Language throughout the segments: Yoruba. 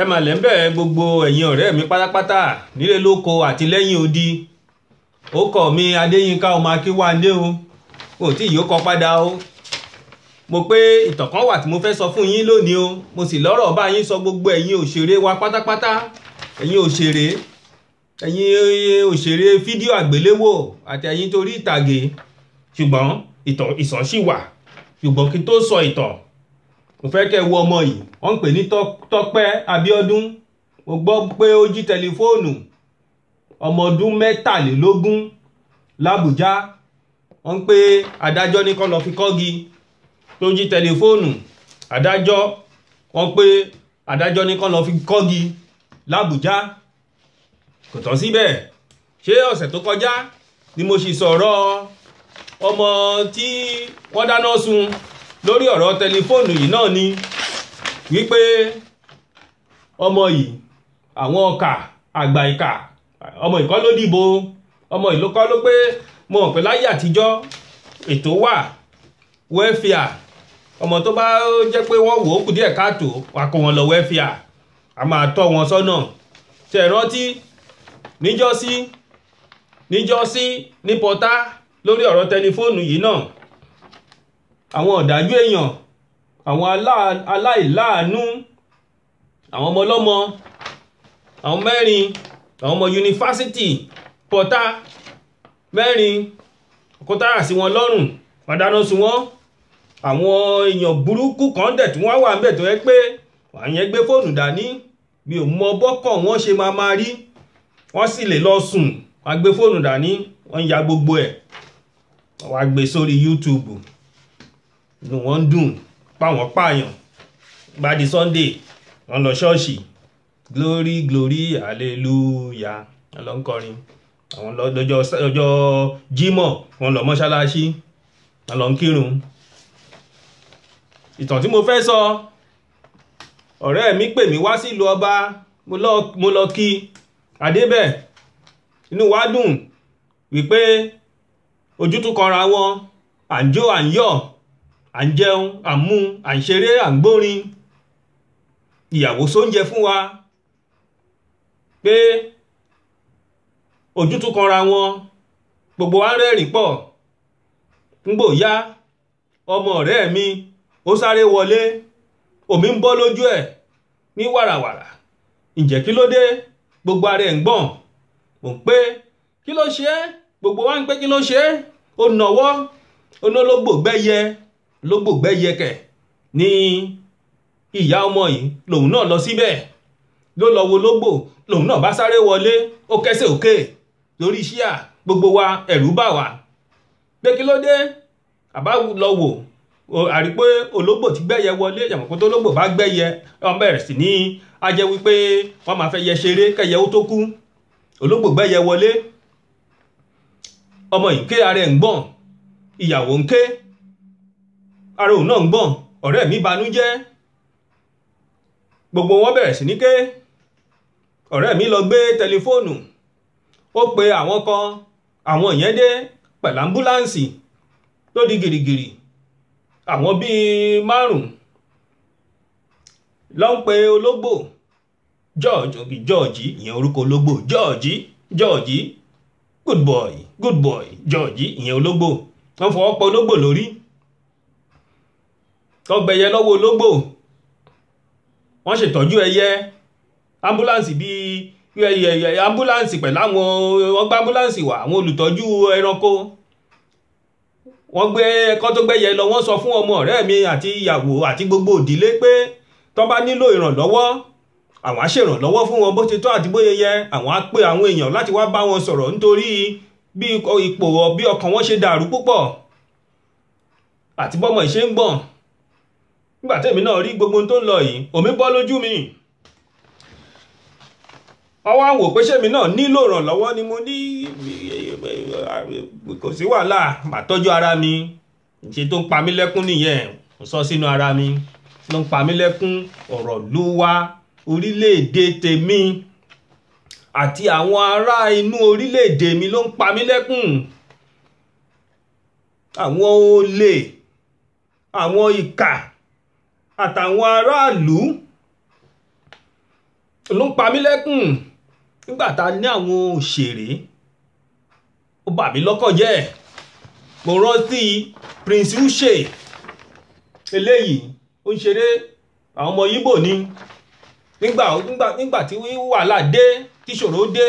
ẹ mà lẹ́ ń bẹ̀ gbogbo ẹ̀yin ọ̀rẹ́ mi pátápátá nílé lóko àti lẹ́yìn odi ó kọ̀ mi adéyínká ọmọ akínwáńdé o kò tí yìí ó kọ padà o mo pé ìtàn kan wà tí mo fẹ́ sọ fún yín lónìí o mo sì lọ́rọ̀ bá yín sọ gbogbo ẹ̀yin òṣèré wa pátápátá ẹ̀yin òṣèré ẹ̀yin òṣèré fídíò àgbéléwò àti ẹ̀yin torí ìtàgé ṣùgbọ́n ìtàn ìsàn ṣì wà ṣùgbọ́n kí tó sọ ìtàn mo fẹ́ kẹ́ wo ọmọ yìí wọ́n ń pè ní Tọ́pẹ́ Abíọ́dún mo gbọ́ pé ó jí tẹlifóònù ọmọ ọdún mẹ́tàlélógún làbújá wọ́n ń pè adájọ́ ní kán lọ fi kọ́gi tó jí tẹlifóònù adájọ́ wọ́n pé adájọ́ ní kán lọ fi kọ́gi làbújá kò tán síbẹ̀ ṣé ọ̀sẹ̀ tó kọjá ni mo sì sọ̀rọ̀ ọmọ tí wọ́n dáná sun lórí ọ̀rọ̀ tẹlifóònù yìí náà ni wípé ọmọ yìí àwọn ọkà àgbà ìkà ọmọ ìkọ́ ló dìbò ọmọ ìlú kọ́ ló pé mo mọ̀ pé láyé àtijọ́ ètò wà wẹ́fíà ọmọ tó bá jẹ́ pé wọ́n wò ó kù díẹ̀ káàtó wà kó wọn lọ wẹ́fíà a máa tọ́ wọn sọ́nà ṣe rántí níjọ́sí níjọ́sí ní pọ́tá lórí ọ̀rọ̀ tẹlifóònù yìí náà àwọn ọ̀dájú èèyàn àwọn aláìláàánú àwọn ọmọ ọlọ́mọ àwọn mẹ́rin àwọn ọmọ yunifásitì pọ́tà mẹ́rin kọ́tàrà sí wọn lọ́rùn fàdánù sí wọn àwọn èèyàn burúkú kan dẹ̀ tí wọ́n wà ń bẹ̀ tó yẹ pé àyẹn gbé fóònù dání mi ò mọ bọ́kọ̀ wọn ṣe máa máa rí wọ́n sì lè lọ sùn wọ́n gbé fóònù dání wọ́n ya gbogbo ẹ̀ wọ́n gbé sórí YouTube inú wọn ń dùn páwọn pààyàn gbadi sunday wọn lọ ṣọ́ọ̀ṣì glory glory hallelujah wọn lọ ń kọrin àwọn lọ́jọ́ ọjọ́ jímọ̀ wọn lọ mọ́ṣáláṣí wọn lọ ń kírun ìtàn tí mo fẹ́ sọ ọ̀rẹ́ mi pè mí wá sílùú ọba mo lọ kí adébẹ̀ inú wa dùn wípé ojú tún kanra wọn à ń jó à ń yọ̀ à ń jẹun à ń mu à ń ṣeré à ń gbórin ìyàwó sóúnjẹ fún wa pé ojútùú kanra wọn gbogbo wa ń rẹ́rìn pọ̀ ńgbò yá ọmọ ọ̀rẹ́ mi ó sáré wọlé omi ń bọ́ lójú ẹ̀ ní wàràwàrà ǹjẹ́ kí ló dé gbogbo ara ẹ̀ ń gbọ̀n mò ń pé kí ló ṣe é gbogbo wa ń pé kí ló ṣe é ó nọwọ́ ó gbẹ́yẹ ló gbògbẹ́ yẹkẹ̀ ní ìyá ọmọ yìí lòun náà lọ síbẹ̀ ló lọ wo lógbò lòun náà bá sáré wọlé ó kẹsẹ̀ òkè lórí ṣíà gbogbo wa ẹ̀rù bà wá pé kí ló dé àbá lọ wò àrí pé ológbò ti gbẹ́yẹ wọlé yàmùkú tó lógbò bá gbẹ́yẹ wọ́n bẹ̀rẹ̀ sí ní ajẹ́ wípé wọ́n máa fẹ́ yẹ ṣeré kẹ́yẹ ó tó kú ológbò gbẹ́yẹ wọlé ọmọ yìí ké ara ẹ̀ ń gbọ̀n ìyàwó ń ké ara òun náà ń gbọ̀n ọ̀rẹ́ mi banújẹ́ gbogbo wọn bẹ̀rẹ̀ sí ní ké ọ̀rẹ́ mi lọ gbé tẹlifóònù ó pe àwọn kan àwọn yẹn dé pẹ̀lú ambúláǹsì tó di gìrìgìrì àwọn bíi márùn ló ń pe ológbò george òbí george ìyẹn orúkọ ológbò george george good boy good boy george ìyẹn ológbò wọ́n fọwọ́ pa ológbò lórí ọgbẹ̀yẹ lọ́wọ́ ológbò wọ́n ṣètọ́jú ẹyẹ ambulance bíi ambulance pẹ̀lú àwọn wọ́n ambulance wá àwọn olùtọ́jú ẹranko wọ́n gbé ẹ̀kọ́ tó gbẹ́yẹ lọ wọ́n sọ fún ọmọ ọ̀rẹ́ mi àti ìyàwó àti gbogbo òdílé pé tó bá nílò ìrànlọ́wọ́ àwọn á fún wọn bó ti tọ́ àti bóyẹ yẹ àwọn á pè àwọn èèyàn láti wá bá wọn sọ̀rọ̀ nítorí bí ipò bí ọkàn wọn ṣe dàrú púpọ̀ àti bọ́mọ ìṣe ń gbọ̀n nígbà tèmi náà rí gbogbo tó ń lọ yìí omi bọ́ lójú mi ọwọ́ àwò pé sẹ́mi náà nílò ìrànlọ́wọ́ ni mo ní kò sí wàhálà mà tọ́jú ara mi ṣe tó ń pa mí lẹ́kún nìyẹn mo sọ sínú ara mi ló ń pa mí lẹ́kún ọ̀rọ̀ ló wá orílẹ̀-èdè tèmi àti àwọn ará inú orílẹ̀-èdè mi ló ń pa mí lẹ́kún àwọn olè àwọn ìkà àtàwọn aráàlú ló ń pa mí lẹ́kùn nígbà tá a ní àwọn òṣèré ó bà mí lọ́kàn jẹ́ mo rántí Prince Uche eléyìí ó ń ṣeré àwọn ọmọ Yíbò ni nígbà nígbà nígbà tí wàhálà dé tíṣòro dé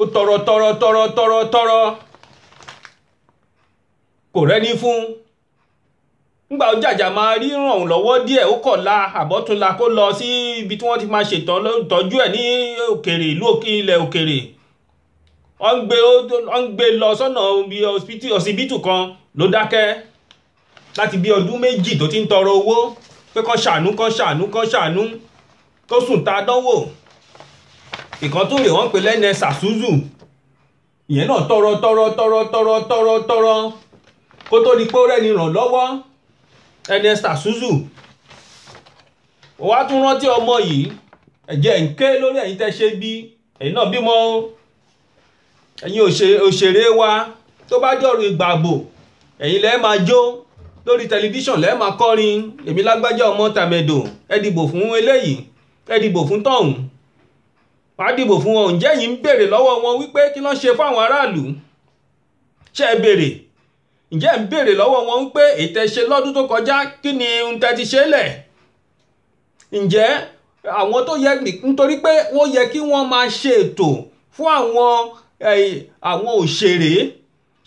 ó tọrọ tọrọ tọrọ tọrọ tọrọ kò rẹ́ni fún ngbà ó jàjà máa rí ràn òun lọ́wọ́ díẹ̀ ó kọ̀ la àbọ̀túnla kó lọ sí ibi tí wọ́n ti máa ṣètọ́jú ẹ̀ ní òkèrè ìlú ilẹ̀ òkèrè ó ń gbé lọ sọ́nà ọsibítù kan ló dákẹ́ láti bí ọdún méjì tó ti ń tọrọ owó pé kán ṣàánú kán ṣàánú kán ṣàánú tó sùn ta dánwò ìkan tó rè wọ́n pè lẹ́nẹ sàṣúzù ìyẹn náà tọrọ tọrọ tọrọ tọrọ tọrọ kó tó di pé ó rẹ́ni ràn lọ́wọ́ Ernest Asuzu mo wá tún rántí ọmọ yìí ẹ̀jẹ̀ ń ké lórí ẹ̀yin tẹ́ ṣe bí ẹ̀yin náà bímọ ẹ̀yin òṣèré wa tó bá dọ̀rọ̀ ìgbàgbò ẹ̀yin lẹ́ẹ̀ máa jó lórí tẹlifíṣàn lẹ́ẹ̀ máa kọrin èmi lágbájá ọmọ tàmẹ̀dò ẹ dìbò fún eléyìí ẹ dìbò fún tọ̀hún wàá dìbò fún wọn ǹjẹ́ yìí ń béèrè lọ́wọ́ wọn wípé kí ló ń ṣe fáwọn aráàlú ṣe é béèrè ǹjẹ́ ń béèrè lọ́wọ́ wọn ń pé ìtẹ̀ṣe lọ́dún tó kọjá kí ni ń tẹ́ ṣe lẹ̀ ǹjẹ́ àwọn tó yẹ nítorí pé wọ́n yẹ kí wọ́n máa ṣe ètò fún àwọn àwọn òṣèré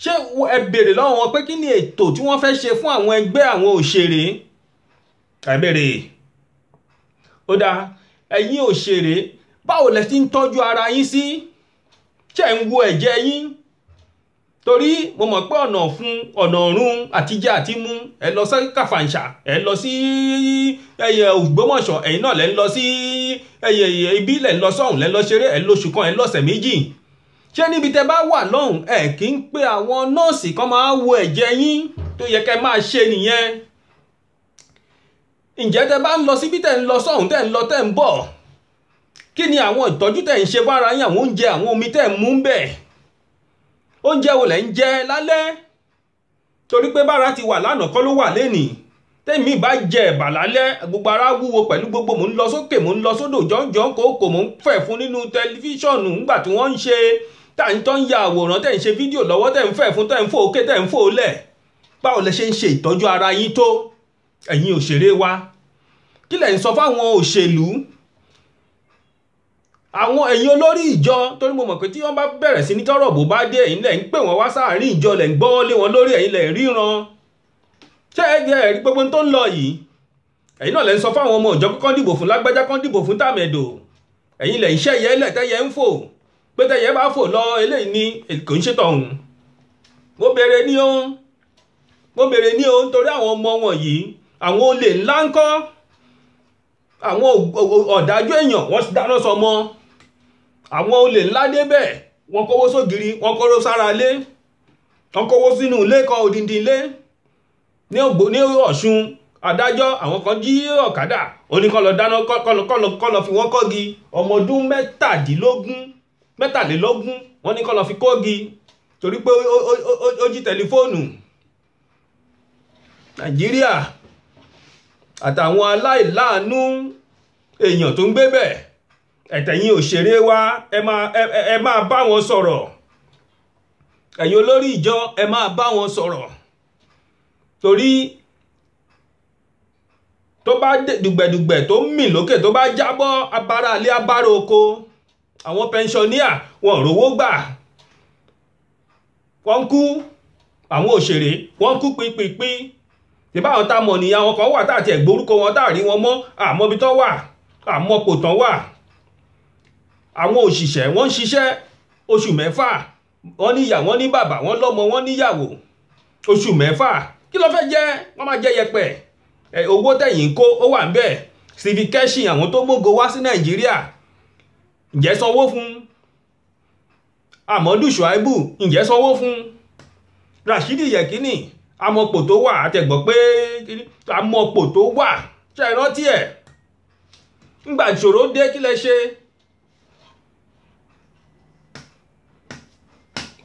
ṣé ẹ béèrè lọ́wọ́ wọn pé kí ni ètò tí wọ́n fẹ́ ṣe fún àwọn ẹgbẹ́ àwọn òṣèré ẹ béèrè ó dáa ẹ̀yin òṣèré báwo lẹ ti ń tọ́jú ara yín sí ṣé ń wo ẹ̀jẹ̀ yín torí mo mọ̀ pé ọ̀nà fún ọ̀nà ọ̀run àtijẹ́ àti mú ẹ lọ sí kàfàǹṣà ẹ lọ sí ẹyẹ ògbómọ̀ṣọ́ ẹ̀yin náà lẹ́ ń lọ sí ẹyẹ ibi lẹ́ ń lọ sọ́hùn lẹ́ ń lọ ṣeré ẹ lóṣù kan ẹ lọ́sẹ̀ méjì ṣé níbi tẹ bá wà lọ́hùn ẹ kì í pé àwọn nọ́ọ̀sì kan máa wo ẹ̀jẹ̀ yín tó yẹ kẹ́ máa ṣe nìyẹn ǹjẹ́ tẹ bá ń lọ síbi tẹ̀ ń lọ sọ́hùn tẹ̀ ń lọ tẹ̀ ń bọ̀ kí ni àwọn ìtọ́jú tẹ̀ ń ṣe fára yín àwọn oúnjẹ àwọn omi tẹ̀ ń mú bẹ́ẹ̀ oúnjẹ wo lẹ̀ ń jẹ lálẹ́ torí pé bára ti wà lánàá kọ́ ló wà lénìí tẹ́mi bá jẹ ẹ̀bà lálẹ́ gbogbo ara wúwo pẹ̀lú gbogbo mò ń lọ sókè mò ń lọ sódò jọ́njọ́n kòókò mò ń fẹ̀ fún nínú tẹlifíṣọ̀nù ńgbà tí wọ́n ń ṣe tàǹtọ́ ń ya àwòrán tẹ̀ ń ṣe fídíò lọ́wọ́ tẹ̀ ń fẹ̀ fún tẹ̀ ń fò òkè tẹ̀ ń fò lẹ̀ báwo lẹ ṣe ń ṣe ìtọ́jú ara yín tó ẹ̀yin òṣèré wa kí lẹ̀ ń sọ fáwọn òṣèlú àwọn ẹ̀yin olórí ìjọ torí mo mọ̀ pé tí wọ́n bá bẹ̀rẹ̀ sí ní tọ́rọ̀ bó bá dé ẹ̀yin lẹ̀ ń pè wọ́n wá sáàárín ìjọ lẹ̀ ń gbọ́ lé wọn lórí ẹ̀yin lẹ̀ ríran ṣé ẹgbẹ́ ẹ̀rí gbogbo tó ń lọ yìí ẹ̀yin náà lẹ̀ ń sọ fáwọn ọmọ ìjọ kọ́n dìbò fún lágbájá kọ́n dìbò fún tàmẹ̀dò ẹ̀yin lẹ̀ ń ṣẹ́ yẹ lẹ̀ tẹ́yẹ ń fò pé tẹ́yẹ bá fò lọ eléyìí ni kò ń ṣètò àwọn olè ńlá débẹ̀ wọ́n kówó sógiri wọ́n kówó sára lé wọ́n kówó sínú ilé kan odindi ilé ní ọ̀ṣun adájọ́ àwọn kan jí ọ̀kadà oníkan lọ dáná kọ́ lọ fi wọ́n kọ́gi ọmọ ọdún mẹ́tàdínlógún mẹ́tàlélógún wọ́n ní kọ́ lọ fi kọ́gi torí pé ó jí tẹlifóònù nàìjíríà àtàwọn aláìláàánú èèyàn tó ń gbé bẹ́ẹ̀ ẹ̀tẹ̀yìn òṣèré wa ẹ máa bá wọn sọ̀rọ̀ ẹ̀yin olórí ìjọ ẹ máa bá wọn sọ̀rọ̀ torí tó bá dùgbẹ̀dùgbẹ̀ tó mì lókè tó bá jábọ́ abara àlẹ́ abára oko àwọn pẹnṣọníà wọn rówó gbà wọ́n kú àwọn òṣèré wọ́n kú pínpínpín ìbá àwọn tá a mọ̀ nìyà wọn kan wà tá àti ẹ̀gbórúkọ wọn tá a wọn mọ́ àmọ́ wà àmọ́ wà àwọn òṣìṣẹ́ wọ́n ń ṣiṣẹ́ oṣù mẹ́fà wọ́n níyà wọ́n ní bàbá wọ́n lọ́mọ wọ́n níyàwó oṣù mẹ́fà kí ló fẹ́ jẹ́ wọ́n máa jẹ́ yẹpẹ̀ owó tẹ̀yìn kó ó wà ń bẹ̀ stephen àwọn tó gbógo wá sí nàìjíríà ǹjẹ́ sanwó fún amadu shuaibu ǹjẹ́ sanwó fún rashidi yekini amọ̀pò tó wà àtẹ̀gbọ́ pé amọ̀pò tó wà ṣe é rántí ẹ̀ ńgbà ìṣòro dé kí lẹ ṣe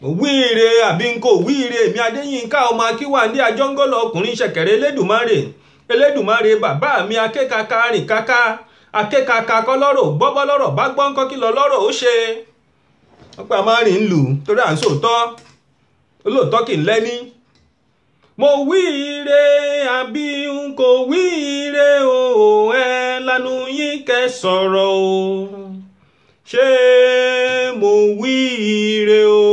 òwíire àbínkò òwíire èmi adéyínká ọmọ akínwándé àjọngọlọ ọkùnrin ṣẹ̀kẹ̀rẹ̀ elédùmarè elédùmarè bàbá mi akékaka rìnkáká akékaka kọlọ́rọ̀ gbọ́bọ́lọ́rọ̀ bá gbọ́ńkọ́ kí lọ́lọ́rọ̀ ó ṣe ọpẹ́ amárìn ń lù torí à ń sòótọ́ olóòótọ́ kì í lẹ́ni mo wíire àbí n kò wíire o ẹ lanu yín kẹ sọ̀rọ̀ o ṣé mo wíire o.